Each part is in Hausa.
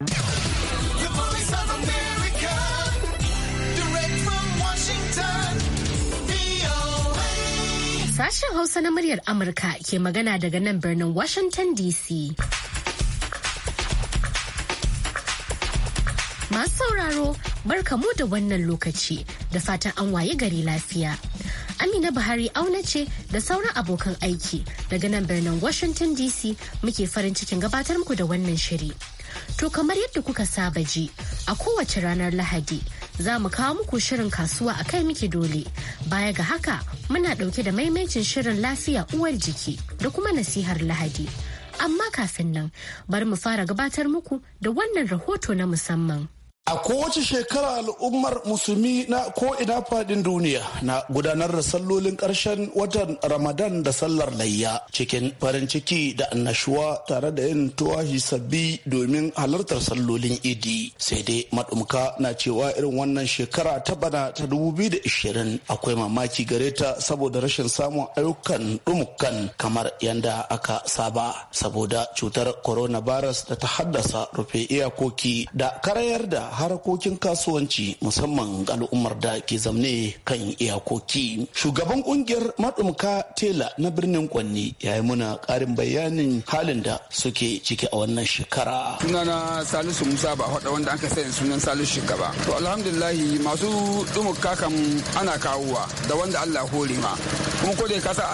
Sashen Hausa na muryar Amurka ke magana daga nan birnin Washington DC. Masu sauraro mu da wannan lokaci da fatan an waye gari lafiya. Amina Buhari auna ce da sauran abokan aiki daga nan birnin Washington DC muke farin cikin gabatar muku da wannan shiri. To kamar yadda kuka saba ji a kowace ranar Lahadi za mu kawo muku shirin kasuwa a kai miki dole. Baya ga haka muna ɗauke da maimaicin shirin lafiya uwar jiki da kuma nasihar Lahadi. Amma kafin nan bari mu fara gabatar muku da wannan rahoto na musamman. A kowace shekara al'ummar musulmi na ko'ina fadin duniya na gudanar da sallolin ƙarshen watan Ramadan da sallar layya cikin farin ciki da annashuwa tare da yin tuwahi sabbi domin halartar sallolin idi. Sai dai maɗumka na cewa irin wannan shekara ta bana ta 2020 akwai mamaki gare ta saboda rashin samun ayyukan ɗumukan kamar yadda aka saba saboda cutar coronavirus da ta haddasa rufe iyakoki da karayar da harakokin kasuwanci musamman al'ummar da ke zamne kan iyakoki shugaban kungiyar maɗumka tela na birnin kwanni ya yi muna ƙarin bayanin halin da suke ciki a wannan shekara sunana salisu musa ba faɗa wanda an ka sunan salisu shugaba to alhamdulillahi masu ɗumukka kam ana kawowa da wanda allah hore ma kuma ko da ka sa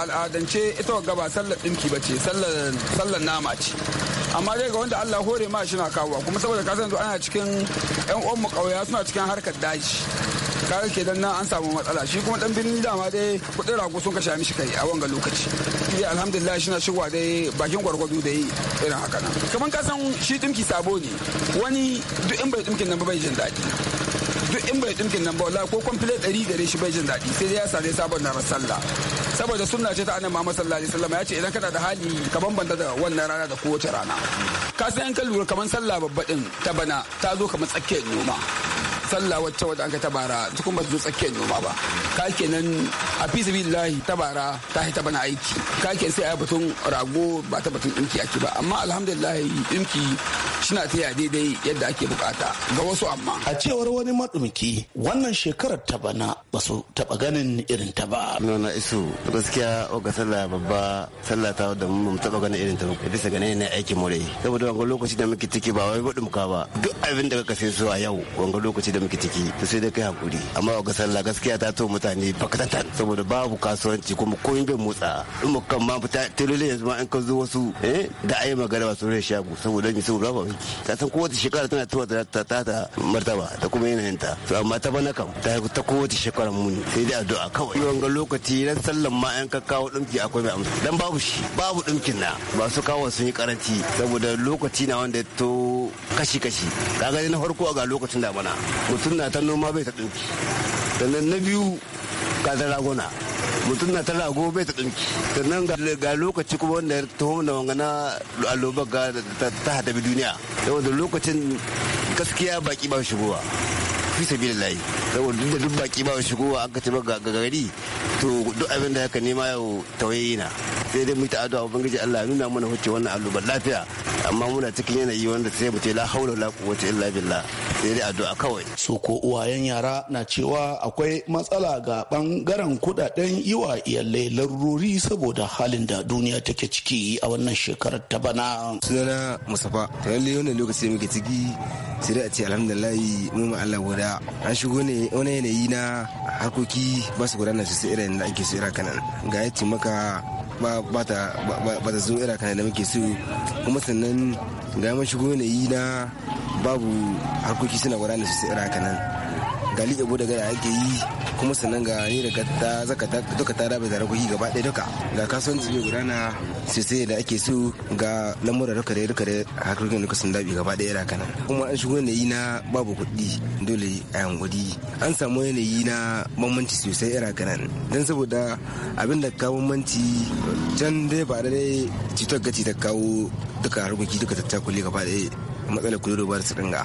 al'adance ita gaba sallar ɗinki ba ce sallar nama ce amma dai ga wanda Allah hore ma shi na kawowa kuma saboda ka san ana cikin yan uwan mu kauya suna cikin harkar daji kaga dan nan an samu matsala shi kuma dan birnin dama dai kudin rago sun kashe mishi kai a wanga lokaci dai alhamdulillah shi na shigowa dai bakin gwargwado da yi irin haka nan kaman ka san shi dinki sabo ne wani duk in bai dinkin nan ba bai jin daɗi duk in bai dinkin nan ba wallahi ko kwamfile ɗari gare shi bai jin daɗi sai ya sare sabon na sallah saboda sunna ce ta annabi Muhammad sallallahu alaihi wasallam ya ce idan kana da hali ka bambanta da wannan rana da kowace rana ka san in ka lura kamar sallah babba din ta bana ta zo kaman tsakiyar noma sallah wacce wadda an ka tabara tukun ba su zo tsakiyar noma ba ka kenan a fi sabilillahi tabara ta ta bana aiki ka ke sai a batun rago ba ta batun dinki ake ba amma alhamdulillah dinki suna tafiya daidai yadda ake bukata ga wasu amma a cewar wani madumki wannan shekarar ta bana ba su taba ganin irin ta ba nuna isu gaskiya oga sallah babba sallah ta da mun taba ganin irin ta ba bisa ganin ne aikin more saboda wanga lokaci da muke ciki ba wai gudumka ba duk abin da ka sai su a yau wanga lokaci da muke ciki to sai da kai hakuri amma oga sallah gaskiya ta to mutane bakatatan saboda babu kasuwanci kuma koyin bai motsa in mu kan ma fita telele yanzu ma in ka zo wasu eh da ayi magana ba su shago saboda ni saboda aiki ta san kowace shekara tana tuwa ta ta martaba ta kuma yanayin ta to amma ta bana kam ta ta kowace shekara mun sai dai addu'a kawai ga lokaci ran sallan ma yan ka kawo dinki akwai mai amsa dan babu shi babu dinkin na ba su kawo sun yi karanci saboda lokaci na wanda to kashi kashi kaga na farko ga lokacin da bana mutum na ta noma bai ta dinki sannan na biyu ka da ragona mutum na tara gobe ta ɗinki sannan ga lokaci kuma wanda ya taho na wangana alloba ga ta hadabi duniya saboda lokacin gaskiya baki ba shigowa fi sabi da layi saboda duk da duk baki ba shigowa an ka ce ga gari to duk abin da haka nema yau tawaye na sai dai mu ta addu'a ubangiji Allah nuna mana huce wannan allubar lafiya amma muna cikin yanayi wanda sai mu ce la haula la quwwata illa billah sai yi addu'a kawai su ko uwayen yara na cewa akwai matsala ga bangaren kudaden yiwa wa iyalai larurori saboda halin da duniya take ciki a wannan shekarar ta bana sunana musafa to lokacin wannan lokaci muke ciki sai dai a ce alhamdulillah mu ma Allah guda an shigo ne wani yanayi na harkoki ba su gudana sosai irin da ake so ira kanan ga yace maka ba ta zo ira kan da muke so kuma sannan ga mun shigo ne yi na babu harkoki suna gudana su ira kanan gali ebo daga ake yi kuma sannan ga ni da ta zaka ta duka ta rabe zara ragogi gaba ɗaya duka ga kasuwanci mai gudana sosai da ake so ga lamura duka da duka da harkokin duka sun dabi gaba ɗaya kana kuma an shigo yanayi na babu kuɗi dole a yankuri an samu yanayi na bambanci sosai ira kanan don saboda abin da kawo bambanci can dai ba da dai cutar gaci ta kawo duka harkoki duka ta cakule gaba ɗaya matsalar kudu ba su dinga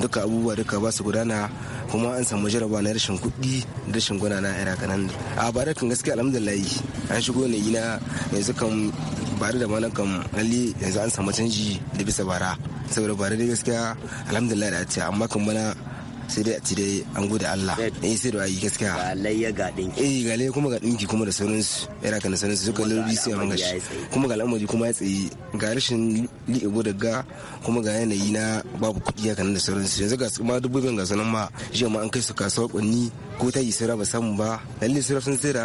duka abubuwa duka ba su gudana kuma an samu jaraba na rashin kuɗi da rashin gona na ira kanan a bara kan gaskiya alhamdulillahi an shigo ne na yanzu kan bare da mana kan hali yanzu an samu canji da bisa bara saboda ba dai gaskiya alhamdulillah da ce amma kan bana sai dai a ci dai an gode Allah eh sai da ayi gaskiya ga layya ga dinki eh ga layya kuma ga dinki kuma da sauran su era kana su suka lori sai an gashi kuma ga al'amari kuma ya tsayi ga rashin li'ego da ga kuma ga yanayi na babu kuɗi haka da sauran su yanzu ga su ma dabbobin ga sanan ma jiya ma an kai su kasuwa kunni ko ta yi sura ba samu ba lalle sura sun tsira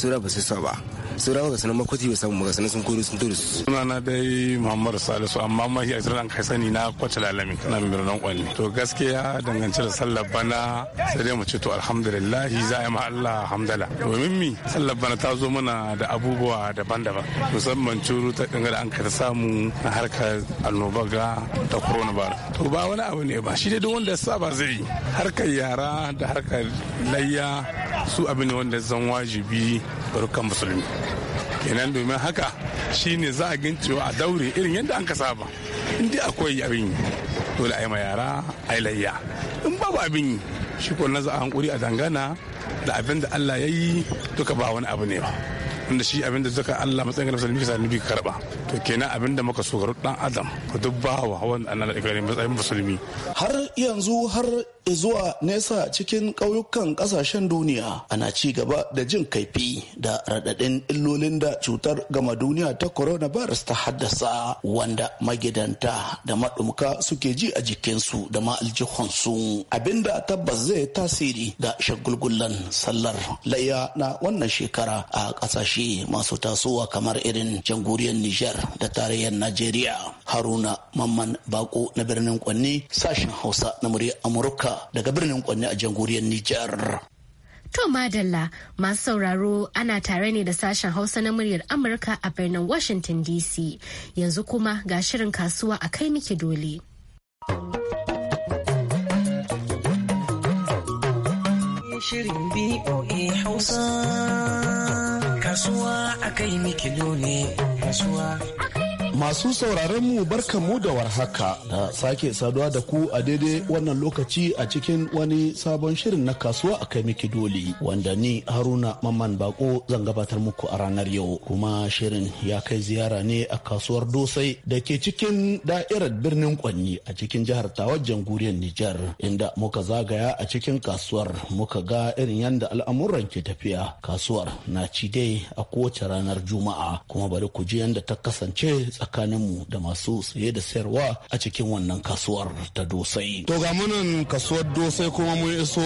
sura ba su ba saurawa ga sanan makwati ba samu ga sun kori sun turu suna na dai muhammadu salisu amma mahi a tsirin an kai sani na kwace lalami na birnin kwanne to gaskiya dangance da sallar bana sai dai mu ce to alhamdulillahi za a yi ma allah hamdala domin mi sallar bana ta zo mana da abubuwa daban-daban musamman curu ta da an kai samu na harkar annoba ga ta ba to ba wani abu ne ba shi dai duk wanda ya saba zai yi. harkar yara da harkar layya su abu ne wanda zan wajibi dukkan musulmi kenan domin haka shine za a gincewa a daure irin yadda an ka saba in dai akwai abin yi dole a yi ma yara a layya in babu abin yi shi ko na za a hankuri a dangana da abin da allah ya yi duka ba wani abu ne ba wanda shi abinda duka Allah matsayin ga musulmi ka sani karba to kenan abinda muka so ga dan adam duk bawa wanda Allah da ikirari matsayin musulmi har yanzu har zuwa nesa cikin ƙauyukan ƙasashen duniya ana ci gaba da jin kaifi da raɗaɗin illolin da cutar gama duniya ta coronavirus ta haddasa wanda magidanta da maɗumka suke ji a jikinsu da ma su abinda tabbas zai tasiri da shagulgullan sallar laya na wannan shekara a ƙasashen kasashe masu tasowa kamar irin jamhuriyar Nijar da tarayyar Najeriya. Haruna Mamman Bako na birnin Kwanni sashen Hausa na muryar Amurka daga birnin Kwanni a jamhuriyar Nijar. To Madalla masu sauraro ana tare ne da sashen Hausa na muryar Amurka a birnin Washington DC. Yanzu kuma ga shirin kasuwa a kai miki dole. Shirin BOA Hausa. kasuwa akai miki ne kasuwa Masu sauraron mu barka mu da warhaka da sake saduwa da ku a daidai wannan lokaci a cikin wani sabon shirin na kasuwa a kai miki doli wanda ni Haruna Mamman Bako zan gabatar muku a ranar yau kuma shirin ya kai ziyara ne a kasuwar Dosai da ke cikin da'irar birnin Kwanni a cikin jihar Tawar jamhuriyar Nijar inda muka zagaya a cikin kasuwar muka ga irin yadda al'amuran ke tafiya kasuwar na ci dai a kowace ranar Juma'a kuma bari ku ji yadda ta kasance tsakaninmu da masu saye da sayarwa a cikin wannan kasuwar ta dosai. To ga munin kasuwar dosai kuma mun iso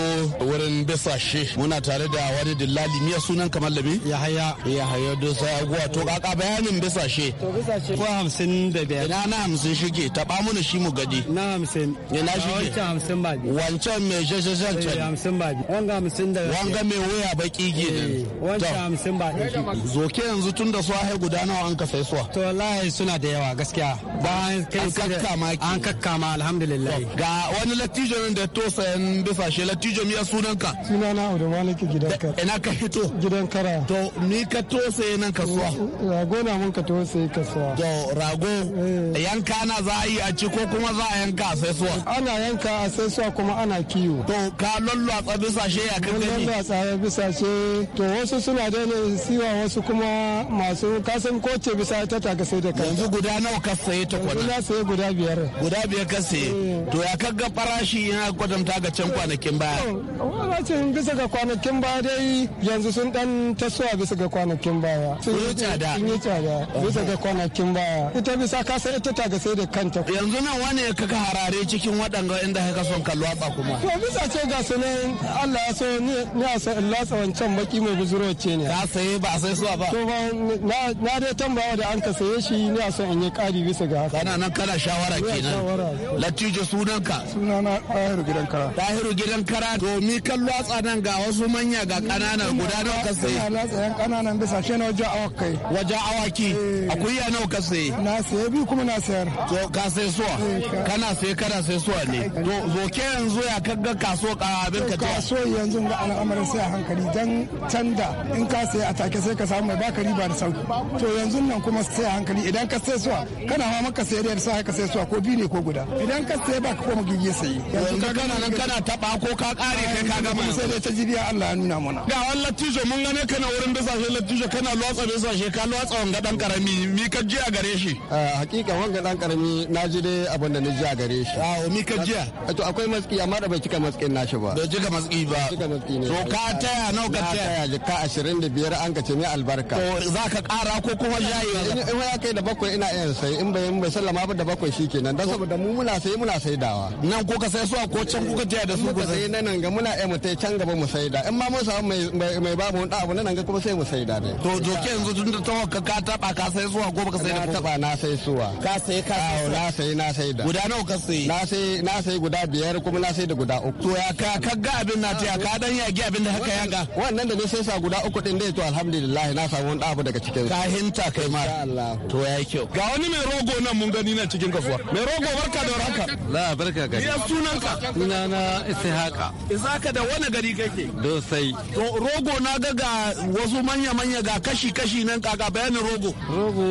wurin besashe muna tare da wani dillali miya sunan kamar labi? Yahaya. Yahaya dosai aguwa to kaka bayanin besashe. To besashe. Ko hamsin da biyar. Ina na hamsin shige taɓa mana shi mu gadi. Na hamsin. Ina shige. Wancan hamsin ba biyu. Wancan mai shashashan can. Eh, hamsin ba biyu. Wanga hamsin da. Wanga mai wuya baki gini. Eh, wancan hamsin ba biyu. Zoke yanzu tun da su ahe guda nawa an ka sai su. To wallahi su suna da yawa gaskiya ba kai kakkama an kakkama alhamdulillah ga wani lattijon da to sayan bisa shi lattijon ya sunanka na da Maliki gidan ka ina ka fito gidan kara to ni ka to sai nan kasuwa rago na mun ka to ka kasuwa to rago eh. yanka na za a yi a ci ko kuma za a yanka a sai suwa ana yanka a sai suwa kuma ana kiwo to ka lallu lallwatsa bisa shi ya kan gani lallwatsa bisa shi to wasu suna da ne siwa wasu kuma masu kasan koce bisa ta taka sai da kai yanzu guda nawa ka saye ta kwana na saye guda biyar guda biyar ka saye eh. to ya kaga farashi yana kwatanta ga can kwanakin baya ce bisa ga kwanakin baya dai yanzu sun dan tasowa bisa ga kwanakin baya sun yi tsada sun yi tsada bisa ga kwanakin baya ita bisa ka saye ta ga sai da kanta yanzu nan wani ya kaka harare cikin waɗanda inda ka son kallo ba kuma to bisa ce ga sunan Allah ya so ni na so Allah wancan baki mai buzurwa ce ne ka saye ba sai suwa ba to ba na dai tambawa da an ka saye shi ne son in yi kari bisa ga haka. Kana nan kana shawara kenan. Latijo sunanka. Sunana Tahiru Gidan Kara. Tahiru Gidan Kara to mi kan latsa nan ga wasu manya ga kanana guda nawa ka sai. Ina latsa yan kananan bisa shi na waje awaki. Waje awaki. Eh. Akuya nawa ka sai. Na sayi biyu kuma na sayar. To ka sai suwa. Eh, kana sai kana sai suwa ne. Eh, to zo ke yanzu ya kaga kaso abin ka ta. Kaso yanzu ga al'amarin sai a hankali dan canda in ka sai a take sai ka samu ba baka riba da sauki. To yanzu nan kuma sai a hankali idan ka ka sai suwa kana hawa maka sai da sai ka sai suwa ko biyu ne ko guda idan ka sai ba ka koma gige sai yanzu ka gana nan kana taba ko ka kare kai ka gama sai dai ta jibiya Allah ya nuna mana ga wallahi tijo mun gane kana wurin bisashe latijo kana lotsa bisashe ka lotsa wanga dan karami mi ka jiya a gare shi eh, hakika wanga dan karami na ji dai abin da na ji a gare shi a mi ka ji eh, to akwai matsi amma da bai cika matsin nashi ba bai cika matsi ba cika matsi ne to ka taya nawa ka taya ka 25 an ka ce mai albarka to za ka kara ko kuma yayi in ya kai da bakwai ina iya sai in bai bai sallama ba da bakwai shikenan dan saboda mu muna sai muna dawa nan ko ka sai su ko can kuka taya da su ku sai nan ga muna ai mu tai can gaba mu da in ma mun samu mai mai ba mu da abu nan ga kuma sai mu da ne to joke yanzu tun da tawa ka ka taba ka sai a ko baka sai da taba na sai a ka sai ka sai na sai na sai da guda nawa ka sai na sai na sai guda biyar kuma na sai da guda uku to ya ka ka ga abin na taya ka dan yagi abin da haka ya ga wannan da ne sai sa guda uku din dai to alhamdulillah na samu wani abu daga cikin ka hinta kai ma to ya kyau ga wani mai rogo nan mun gani na cikin kasuwa mai rogo barka da warhaka la barka gari ya sunanka haka. ishaka ka da wani gari kake sai. to rogo na ga ga wasu manya manya ga kashi kashi nan kaga bayanin rogo rogo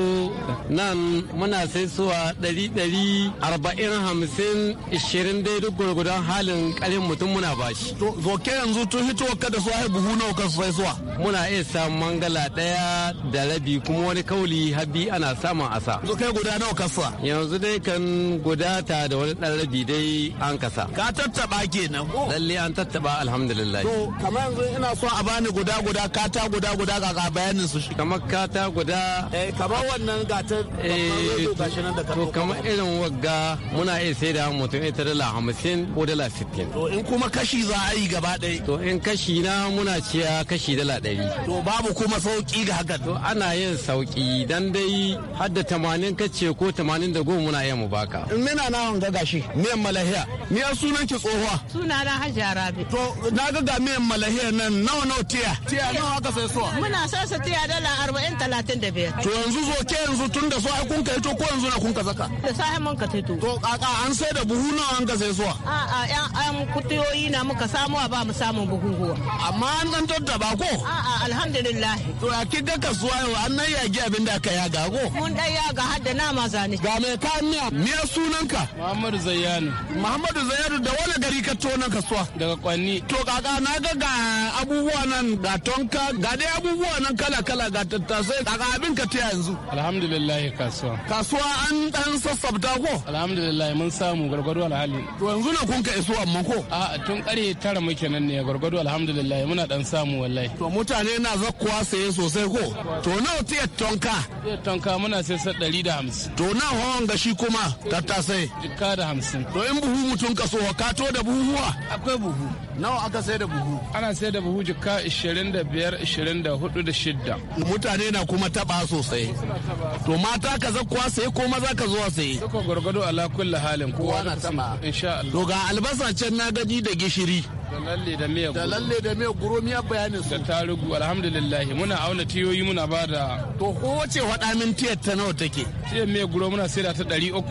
nan muna sai suwa ɗari ɗari arba'in hamsin ishirin dai duk gwargwadon halin ƙarin mutum muna bashi to zoke yanzu tun hito ka da su buhu nawa ka sai suwa muna iya samun mangala ɗaya da rabi kuma wani kauli habi ana sama a asa yanzu kai guda nawa kasa yanzu dai kan guda ta da wani ɗan rabi dai an kasa ka tattaba kenan ko lalle an tattaba alhamdulillah to kamar yanzu ina so a bani guda guda kata guda guda ga ga bayanin su shi kamar kata guda eh kamar wannan ga ta eh, gashi nan da to kamar irin wagga muna iya sai da mutum ita dala hamsin ko dala sittin to in kuma kashi za a yi gaba ɗaya to in kashi na muna ciya kashi dala ɗari to babu kuma sauki ga hakan to ana yin sauki dan dai har da tamanin kace ko tamanin da goma muna iya mu baka. In mina na hanga gashi miyan malahiya. Ni ya sunan ki tsohuwa. Suna na Hajiya Rabi. To na ga ga miyan malahiya nan nawa nawa tiya. Tiya nawa aka sai suwa. Muna son su tiya dala arba'in talatin da biyar. To yanzu zo ke yanzu tun da so ai kun kai to ko yanzu na kun ka zaka. Da sahi mun ka tai To kaka an sai da buhu nawa an ka sai suwa. A'a yan an kutiyoyi na muka samuwa ba mu samun buhu Amma an dan ba ko? A'a alhamdulillah. To a kidda kasuwa yau an nan yagi abin da ka ya gago. Mun layya ga hadda nama zane. Ga mai kayan miya. Miya sunanka? Muhammadu Zayyanu. Muhammadu Zayyanu da wani gari ka tona ka kasuwa? Daga Kwanni. To kaka na ga ga abubuwa nan ga tonka ga dai abubuwa nan kala kala ga tattasai kaka abin ka ta yanzu. Alhamdulillah kasuwa. Kasuwa an dan sassabta ko? Alhamdulillah mun samu gargado alhali. To yanzu na kun ka iso amma ko? A tun kare tara muke nan ne gargado alhamdulillah muna dan samu wallahi. To mutane na zakkuwa saye sosai ko? To nawa tiyar tonka? Tiyar tonka muna sai sai ɗari da hamsin. To na hawan gashi kuma tattasai. Jikka da hamsin. To in buhu mutum kaso ka to da buhuwa? Akwai buhu. nawa aka sai da buhu ana sai da buhu jika 25 24 da shidda mutane na kuma taba sosai to mata ka kuwa sai ko maza ka zuwa sai suka gwargwado ala kulli halin kowa na taba insha Allah to ga albasa can na gaji da gishiri da lalle da miya da lalle da miya guro miya bayanin su da tarugu alhamdulillah muna auna tiyoyi muna ba da to ko wace faɗa min tiyar ta nawa take tiyar miya guro muna sai da ta 350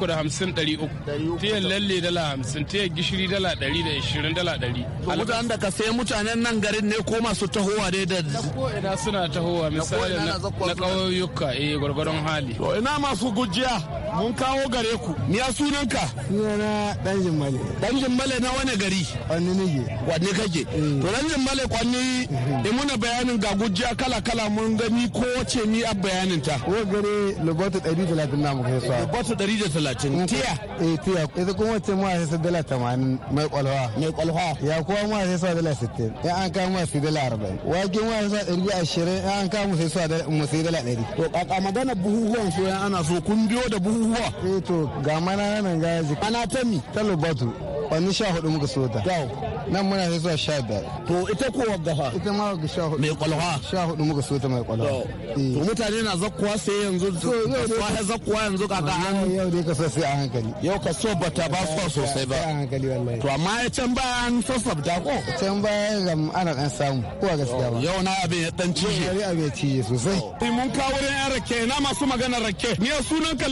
300 tiyar lalle dala 50 tiyar gishiri dala 120 dala 100 mutanen da ka sai mutanen nan garin ne ko masu tahowa dai da ina suna tahowa misali na ƙauyuka eh gwargwaron hali to ina masu gujiya mun kawo gare ku ni ya sunanka sunana dan jimmale dan jimmale na wani gari wani nige wani kake mm. to dan jimmale kwanni da mm-hmm. muna bayanin ga gujiya kala kala mun gani ko wace ni a bayanin ta ko gare lubatu 130 na muka yasa lubatu 130 tiya eh tiya ita kuma wace ma sai sa dala 80 mai kwalwa mai kwalwa ya kuma ma sai sa dala 60 ya an kama sai dala 40 wakin ma sai sa 120 ya an mu sai sa dala 100 to kaka magana buhuhuwan so ya ana so kun biyo da buhu abubuwa eh to ga mana nan ga ji ana ta mi ta lubatu Kwanni sha hudu muka so ta. Yau. Nan muna sai zuwa sha biyar. To ita ko waggafa? Ita ma wagga sha hudu. Mai kwalwa? Sha hudu muka so ta mai kwalwa. Eh. To mutane na zakkuwa sai yanzu. Kasuwa ya zakkuwa yanzu kaka an. Yau dai kaso sai a hankali. Yau kaso ba ta ba so sosai ba. a hankali wallahi. To amma ya can baya an sassabta ko? Can baya gam ana dan samu. Ko gaskiya ba. Yau na abin ya dan cije. Yau abin ya cije sosai. Mun kawo yan rake na masu magana rake. Ni sunan ka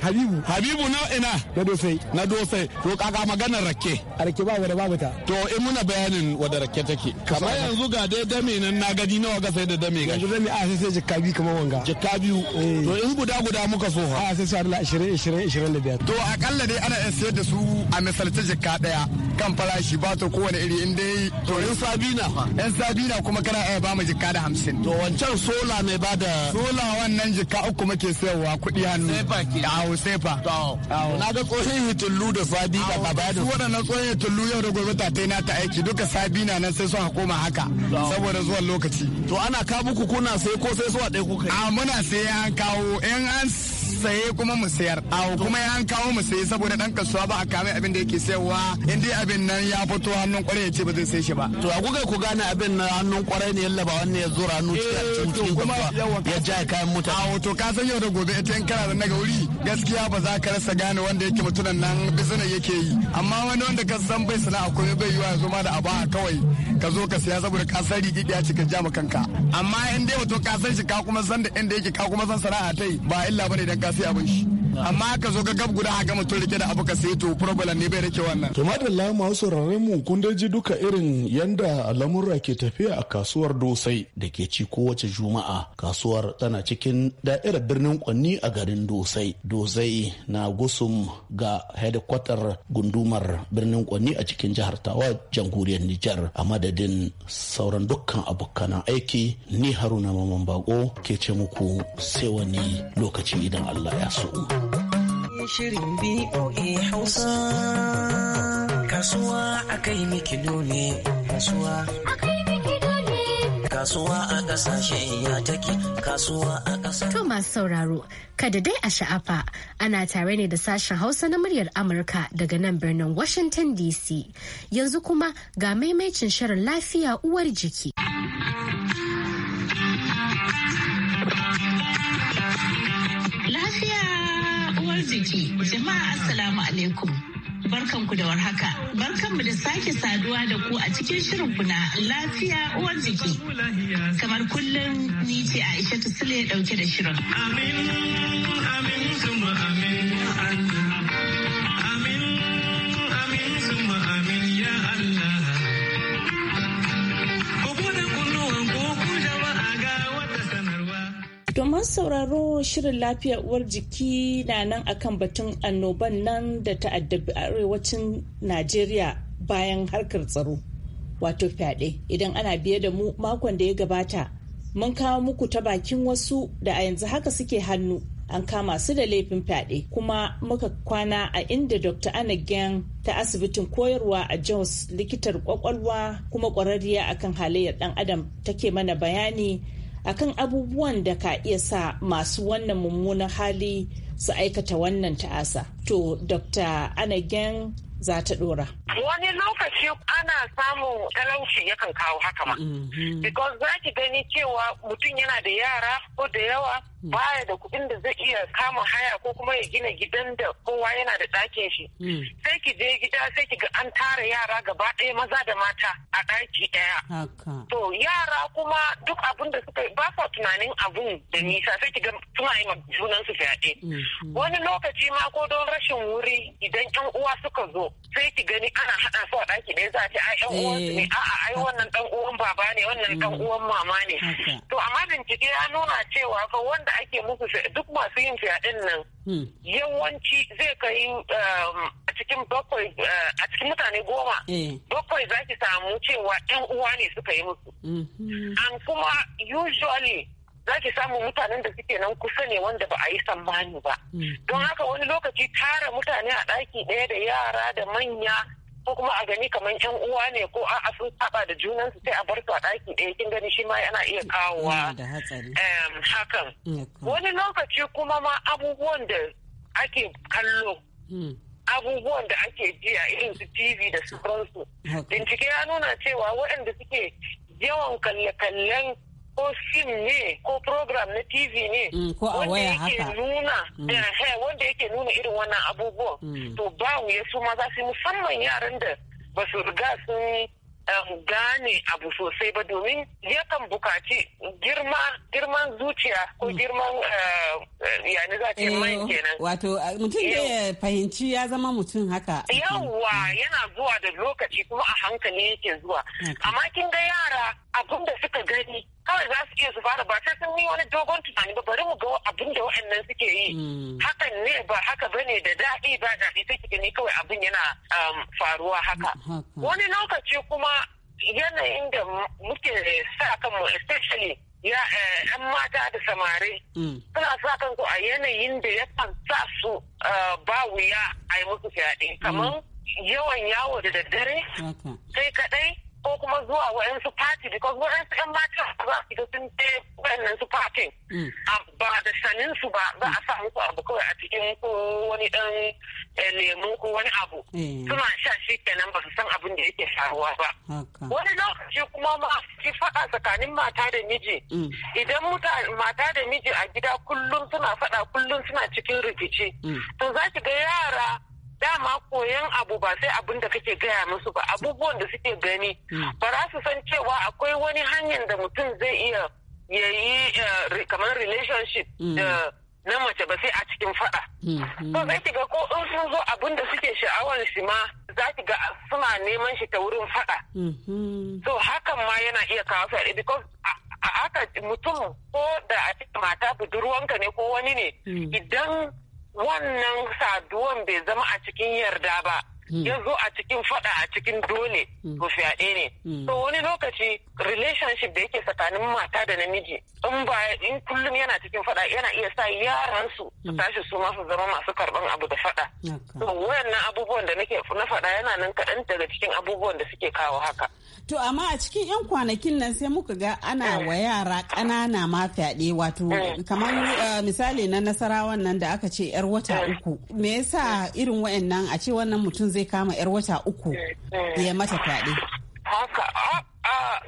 Habibu. Habibu na ina. Na dosai. Na dosai. To kaka maganar rake A rake ba wadda babu ta to in muna bayanin wadda rake take kamar yanzu ga dai dame nan na gadi nawa ga sai da dame ga yanzu dame a sai sai jikka biyu kamar wanga jikka biyu eh. to in guda guda muka so ha. a sai sai Allah 20 20 25 to akalla dai ana iya sayar da su a misalta jikka daya kan farashi ba ta kowane iri in dai to in sabina fa yan sabina kuma kana iya ba mu jikka da 50 to wancan sola mai ba da sola wannan jikka uku muke sayarwa kuɗi hannu sefa ke awo sefa to na ga tsohon hitullu da sabina ba ba da na tsohon tullu yau da gobe ta na ta aiki duka sabi na nan sai su koma haka saboda zuwan lokaci to ana kawo muku kuna sai ko sai su a ɗaya kuka a muna sai an kawo in an saye kuma mu sayar a kuma ya an kawo mu saye saboda dan kasuwa ba a kame abin da yake sayarwa in dai abin nan ya fito hannun kwarai ya ce ba zai sai shi ba to a kuka ku gane abin na hannun kwarai ne yalla ba wannan ya zura hannu cikin eh, kuma ya ja kayan mutane a to ka san yau da gobe ita in kana da naga wuri gaskiya ba za ka rasa gane wanda yake mutunan nan bizina yake yi amma wani wanda ka san bai sana'a komai bai wa yanzu ma da a kawai ka zo ka siya saboda ka san rigidi ya cika jama kanka amma in dai wato ka san shi ka kuma san da inda yake ka kuma san sana'a ta yi ba illa bane dan ka lafiya abin amma ka zo ka gab guda ga mutum rike da abu ka sai to problem ne bai rike wannan to madalla masu sauraron mu kun dai ji duka irin yanda lamurra ke tafiya a kasuwar dosai da ke ci kowace juma'a kasuwar tana cikin da'irar birnin kwanni a garin dosai dosai na gusum ga hedikwatar gundumar birnin kwanni a cikin jihar tawa jamhuriyar nijar a madadin sauran dukkan abokanan aiki ni haruna mamman bako ke ce muku sai wani lokaci idan allah ya so. shirin BOA Hausa. Kasuwa a kai ne, kasuwa. Kasuwa a ya take, kasuwa a ƙasa. To masu sauraro, kada dai a sha'afa ana tare ne da sashen Hausa na muryar Amurka daga nan birnin Washington DC. Yanzu kuma ga maimaicin shirin lafiya uwar jiki. Lafiya uwar jama'a assalamu alaikum barkanku da warhaka barkanmu da sake saduwa da ku a cikin shirin kuna lafiya uwar jiki kamar kullum ni ce aisha ya dauke da shirin amin amin amin Mun sauraro shirin lafiya uwar jiki na nan akan batun annoban nan da ta'addabi arewacin Najeriya bayan harkar tsaro. Wato fyaɗe idan ana biye da mu makon da ya gabata mun kawo muku ta bakin wasu da a yanzu haka suke hannu an kama su da laifin fyaɗe kuma muka kwana a inda dr Gang ta asibitin koyarwa a jos likitar kwakwalwa kuma kwararriya akan halayyar dan adam take mana bayani akan abubuwan da ka iya sa masu wannan mummunan hali su aikata wannan ta'asa. To, Dr. Anagen za ta dora. Wani lokaci ana samun talauci yakan kawo haka ma. Mhm. Because za ki gani cewa mutum yana da yara ko da yawa Hmm. baya da kuɗin da zai iya kama haya ko kuma ya gina gidan da kowa yana da ɗakin shi hmm. sai ki je gida sai ki ga an tara yara gaba ɗaya maza da mata a ɗaki ɗaya to yara kuma duk abin da suka ba sa tunanin abun da hmm. nisa sai ki ga suna yi junan su fyaɗe wani lokaci ma ko don rashin wuri idan ƴan uwa suka zo sai ki gani ana haɗa su a ɗaki ɗaya za a ce ai ƴan uwansu ne eh. a'a ai wannan ɗan uwan baba ne wannan ɗan uwan mama ne to amma bincike ya nuna cewa ko wanda da ake musu duk masu yin fyaɗen nan hmm. yawanci zai kai um, a cikin bakwai uh, a cikin mutane goma eh. bakwai za ki samu cewa yan uwa ne suka yi musu mhm. an kuma usually za ki samu mutanen da suke nan kusa ne wanda ba a yi sammani ba hmm. don haka wani lokaci tara mutane a ɗaki ɗaya da yara da manya ko kuma a gani kamar yan uwa ne ko a'a sun saba da junan su sai a bar su a ɗaki ɗaya kin gani shi ma yana iya kawowa hakan wani lokaci kuma ma abubuwan da ake kallo hmm. abubuwan da ake ji a irin su tv da sauransu bincike ya nuna cewa waɗanda suke yawan kalle-kallen ko fim ne ko program na tv ne mm, ko a waya haka nuna mm. eh, eh, wanda yake nuna irin wannan abubuwan mm. to ba wuya su ma za su musamman yaran da ba su riga sun Um, gane abu sosai ba domin yakan bukaci girma girman zuciya ko mm. girman uh, uh, yani za ce eh, mai kenan. Wato uh, mutum ya fahimci ya zama mutum haka. Yawwa mm. yana zuwa da lokaci kuma a hankali yake zuwa. Amma kin ga yara abin da suka gani kawai za su iya su fara ba sai sun yi wani dogon tunani ba bari mu ga da waɗannan suke yi mm. hakan ne ba haka bane da daɗi ba daɗi take gani kawai abin yana um, faruwa mm, haka wani lokaci kuma yanayin da muke sa kanmu especially ya yan eh, mata da samari mm. suna sa kanku a yanayin da ya sa su uh, ba wuya a yi musu fyaɗe kamar yawan yawo da daddare sai kaɗai ko kuma zuwa waɗansu party because waɗansu 'yan mata za su ga sun je wa'yannan su party mm. ah, ba da sanin su ba za a sa musu abu kawai a cikin ko wani dan eh, lemu ko wani abu eh. suna sha shi kenan ba su san abin da yake faruwa ba wani lokaci kuma ma ci faɗa tsakanin mata da miji mm. idan mata da miji a gida kullum suna faɗa kullum suna cikin rikici mm. to za ki ga yara dama koyon abu ba sai abin da kake gaya musu ba abubuwan da suke gani hmm. ba za su san cewa akwai wani hanyar da mutum zai iya ya yi eh, kamar relationship hmm. da na mace ba sai a cikin fada. So hmm. zai ki ga ko in sun zo abin da suke sha'awar shi ma za ki ga suna neman shi ta wurin fada. So hakan ma yana iya kawo fyaɗe because a haka mutum ko da a cikin mata budurwanka ne ko wani ne idan wannan saduwan bai zama a cikin yarda ba Hmm. ya zo a cikin fada a cikin dole hmm. to fyaɗe ne hmm. to wani lokaci relationship da yake tsakanin mata da namiji in ba in kullum yana cikin fada yana iya sa yaran su su tashi su masu zama masu karban abu da fada to wayannan abubuwan da nake na fada yana nan kaɗan daga cikin abubuwan da suke kawo haka to amma a cikin yan kwanakin nan sai muka ga ana wa yara ƙanana ma fyaɗe wato kamar eh, misali na nasarawan nan da aka ce yar wata uku me yasa irin wayannan a ce wannan mutum zai zai kama 'yar wata uku ya mata fyaɗe. Haka,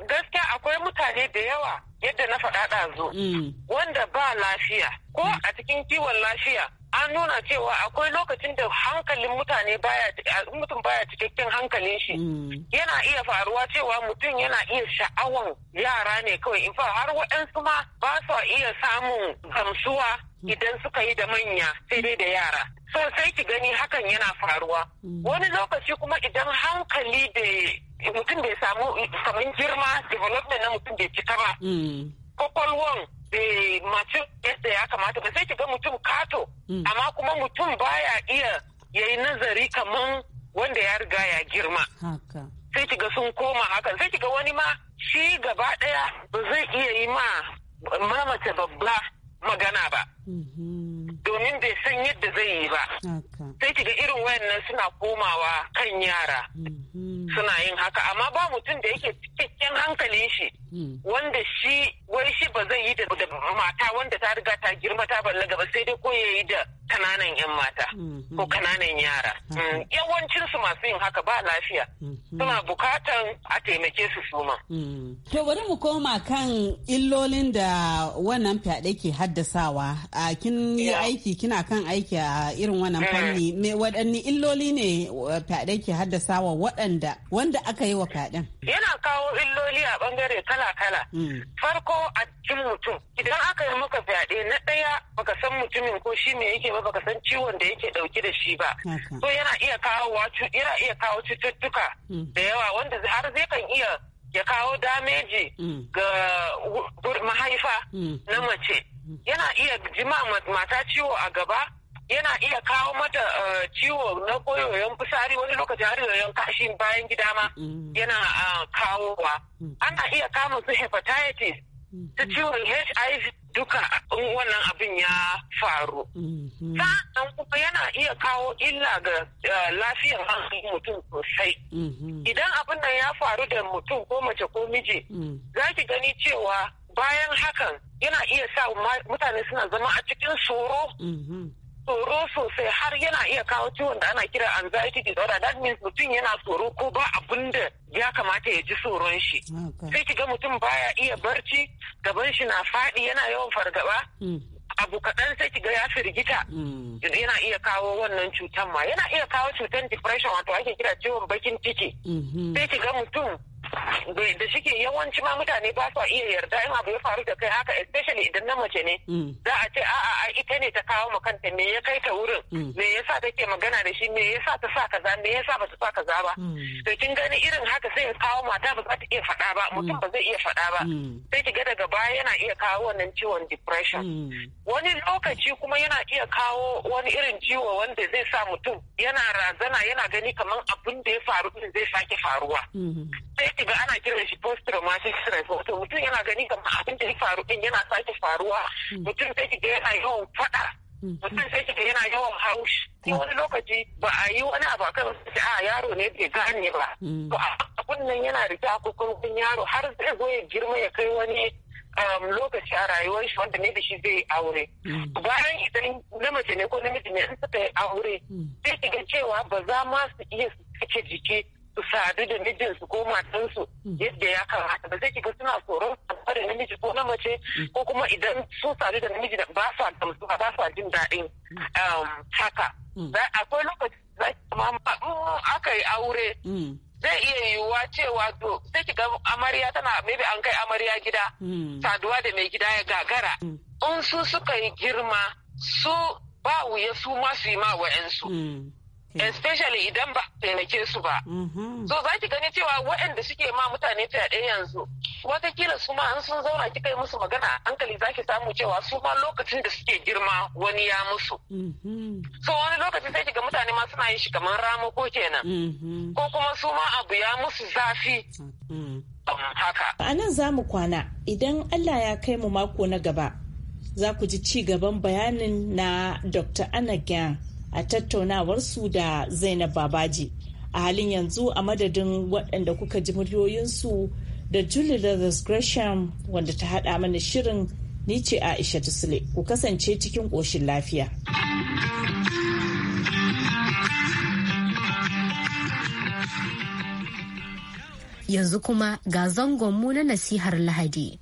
gaskiya akwai mutane da yawa yadda na faɗa ɗazu mm. wanda ba lafiya ko a cikin kiwon lafiya an nuna cewa akwai lokacin da hankalin mutane baya mutum baya cikakken hankalin shi mm. yana iya faruwa cewa mutum yana iya sha'awan yara ne kawai in fa har waɗansu ma ba sa iya samun gamsuwa idan suka yi da manya sai dai da yara so sai ki gani hakan yana faruwa mm. wani lokaci kuma idan hankali da mutum bai samu samun girma development na mutum bai cika ba mm. kwakwalwan bai mace yadda ya kamata ba sai ki ga mutum kato mm. amma kuma mutum baya iya yi nazari kamar wanda ya riga ya girma sai ki ga sun koma hakan sai ki ga wani ma shi gaba ɗaya ba zai iya yi ma mamata babba magana ba. Mhm. Domin bai san yadda zai yi ba. Sai kiga irin wayannan suna komawa kan yara. Mhm. Suna yin haka amma ba mutum da yake cikakken hankalin shi wanda shi wai shi ba zai yi da mata wanda ta riga ta girma ta ballaga gaba sai dai ko ya yi da kananan yan mata mm-hmm. ko kananan yara mm-hmm. mm, yawancin su masu yin haka ba lafiya mm-hmm. suna bukatan a taimake su suma mm. to bari mu koma kan illolin da wannan fyaɗe ke haddasawa a kin yi aiki kina kan aiki a irin wannan mm. fanni me waɗanne illoli ne fyaɗe ke haddasawa waɗanda wanda aka yi wa fyaɗen yana kawo illoli a bangare kala kala-kala. Hmm. Farko a cikin mutum, idan aka yi maka fyaɗe na ɗaya baka san mutumin ko shi me yake ba baka san ciwon da yake ɗauki da shi ba. To yana iya kawo yana iya kawo cututtuka hmm. da yawa wanda har zai kan iya ya kawo dameji hmm. ga mahaifa na mace. Yana iya jima mata ciwo a gaba. yana iya kawo mata eh, ciwo na koyoyon fusari wani lokaci har yoyon kashi bayan gida ma mm. yana eh, kawowa mm. ana iya kama su hepatitis ta mm. ciwon hiv duka in wannan abin ya faru mm-hmm. sa'an kuma yana iya kawo illa ga eh, lafiyar hankalin mutum sosai mm-hmm. idan abin nan ya faru da mutum ko mace ko miji za ki gani cewa bayan hakan yana iya sa mutane suna zama a cikin tsoro mm-hmm. tsoro sosai har yana iya kawo ciwon da ana kira anxiety disorder that means mutum yana tsoro ko ba abun da ya kamata ya ji tsoron shi sai ki ga mutum baya iya barci gaban shi na faɗi yana yawan fargaba hmm. abu kaɗan sai ki ga ya firgita hmm. yana iya kawo wannan cutan ma yana iya kawo cutan depression wato ake kira ciwon bakin ciki hmm. sai ki ga mutum da shike yawanci ma mutane ba sa iya yarda in abu ya faru da kai haka especially idan na mace ne mm. za a ce a'a a ita ne ta kawo ma kanta me ya kai ta wurin mm. me yasa take magana da shi me yasa ta sa kaza me yasa ba ta sa kaza ba mm. to kin gani irin haka sai ya kawo mata ba za ta iya faɗa ba mutum ba zai iya faɗa ba sai ki ga daga baya yana iya kawo wannan ciwon depression wani lokaci kuma yana iya kawo wani irin ciwo wanda zai sa mutum yana razana yana gani kamar abun da ya faru zai sake faruwa ce ga ana kiran shi post traumatic stress wato mutum yana gani kamar abin da ya faru din yana sake faruwa hmm. mutum sai ki ga yana yawan fada hmm. mutum sai ki ga yana yawan haushi Ni hmm. wani lokaci ba a yi wani abu akan sai a ah, yaro ne bai gane ba to abun nan yana rike a yaro har zai zo girma ya kai wani um, lokaci a rayuwar shi wanda ne da shi zai aure. Bayan idan namiji ne ko namiji ne in suka yi aure, sai ki ga cewa ba za ma su iya suke jiki su sadu da mijinsu ko matansu hmm. yadda ya kamata ba zai ga suna tsoron sadu da namiji ko na mace hmm. ko kuma idan sun sadu da namiji da ba sa gamsuwa ba sa jin daɗin um, haka hmm. akwai lokaci za aka yi aure zai iya yiwuwa cewa to sai ki amarya tana maybe an kai amarya gida saduwa da mai gida ya gagara in su suka yi girma su ba wuya su ma su yi ma wa'ansu. Hmm. especially idan ba taimake su ba mhm. so za ki gani cewa waɗanda suke ma mutane fyaɗe yanzu watakila su ma an sun zauna kika yi musu magana hankali za ki samu cewa su ma lokacin da suke girma wani ya musu mhm. so wani lokacin sai kiga mutane ma suna yin shi kamar ko kenan mhm. ko kuma su ma abu ya musu zafi um, haka a nan za mu kwana idan allah ya kai mu mako na gaba za ku ji ci gaban bayanin na dr anna a tattaunawarsu da zainab babaji a halin yanzu a madadin waɗanda kuka ji muryoyinsu da julie da gresham wanda ta haɗa mana shirin ni ce aisha tusle ku kasance cikin ƙoshin lafiya yanzu kuma ga zangonmu na nasihar lahadi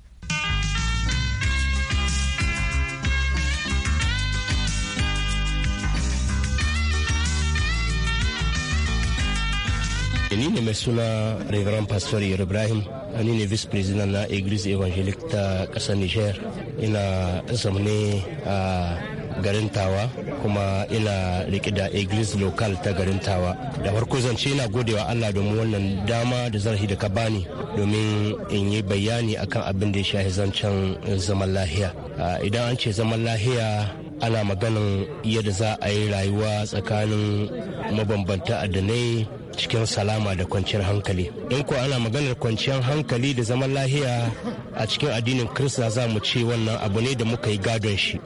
ne mai suna Reverend Pastor Ibrahim, ni ne Vice President na Eglise Evangelique ta ƙasar Niger. Ina zaune a garin Tawa kuma ina riƙe da Eglise Local ta garin Tawa. Da farko zance ina godewa Allah domin wannan dama da zarafi da ka bani domin in yi bayani akan abin da ya shafi zancen zaman lahiya. Idan an ce zaman lahiya ana maganin yadda za a yi rayuwa tsakanin mabambanta addinai cikin salama da kwanciyar hankali in ko ana maganar kwanciyar hankali da zaman lahiya a cikin addinin kirista za mu ce wannan abu ne da muka yi gadon shi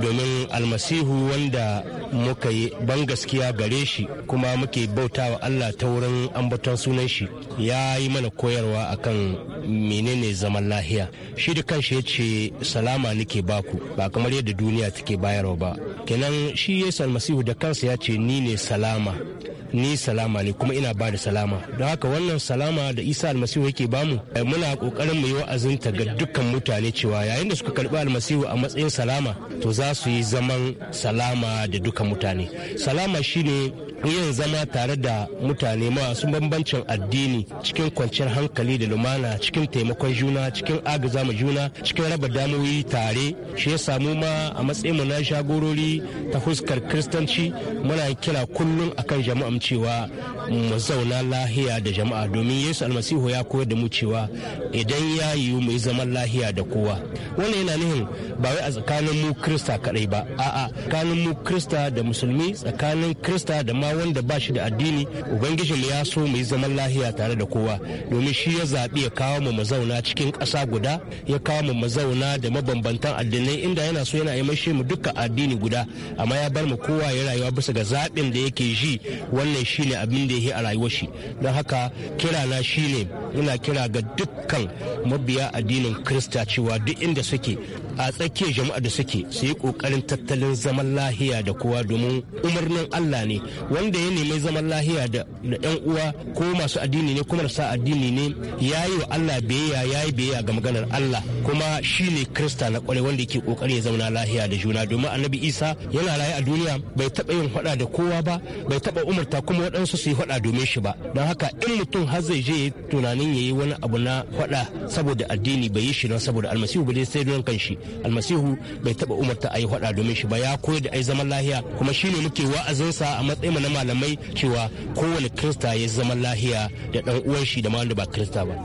domin almasihu wanda muka yi ban gaskiya gare shi kuma muke bautawa Allah ta wurin ambaton sunan shi ya yi mana koyarwa akan menene zaman lahiya shi da kanshi ya ce salama nake baku ba kamar yadda duniya take bayarwa ba kenan shi yesu almasihu da kansa ya ce ni ne salama ni salama ne kuma ina ba da salama don haka wannan salama da isa almasihu yake bamu eh, muna kokarin mu yi wa'azinta ga dukkan mutane cewa yayin da suka karbi almasihu a matsayin salama to za su yi zaman salama da dukkan mutane salama shine yin zama tare da mutane masu bambancin addini cikin kwanciyar hankali da lumana cikin taimakon juna cikin agaza ma juna cikin raba damoyi tare shi ya samu ma a matsayin mu na shagorori ta huskar kristanci muna kira kullum akan jama'a cewa mu zauna lahiya da jama'a domin yesu almasihu ya koyar da mu cewa idan ya yiwu mu yi zaman lahiya da kowa wannan yana nihin ba wai a tsakanin mu krista kadai ba a'a tsakanin mu krista da musulmi tsakanin krista da ma kawanda wanda ba shi da addini ubangijinmu ya so mu yi zaman lahiya tare da kowa domin shi ya zaɓi ya kawo mu mazauna cikin ƙasa guda ya kawo mu mazauna da mabambantan addinai inda yana so yana aimashe mu duka addini guda amma ya bar mu kowa ya rayuwa bisa ga zaɓin da yake ji wannan shine abin da yi a rayuwar shi don haka kira na shine ina kira ga dukkan mabiya addinin krista cewa duk inda suke a tsakiyar jama'a da suke su yi kokarin tattalin zaman lahiya da kowa domin umarnin Allah ne wanda ya nemi zaman lahiya da yan uwa ko masu addini ne kuma sa addini ne ya yi wa Allah biyayya ya yi biyayya ga maganar Allah kuma shi ne Kirista na kware wanda yake kokari ya zauna lahiya da juna domin Annabi Isa yana raye a duniya bai taba yin haɗa da kowa ba bai taba umarta kuma waɗansu su yi faɗa domin shi ba don haka in mutum har zai je tunanin ya yi wani abu na haɗa saboda addini bai yi shi don saboda almasihu bai sai don kanshi almasihu bai taba umarta a yi hada domin shi ba ya koyar da ai zaman lahiya kuma shine muke sa a matsayin na malamai cewa kowane krista ya zaman lahiya da dan uwan shi da malam da ba krista ba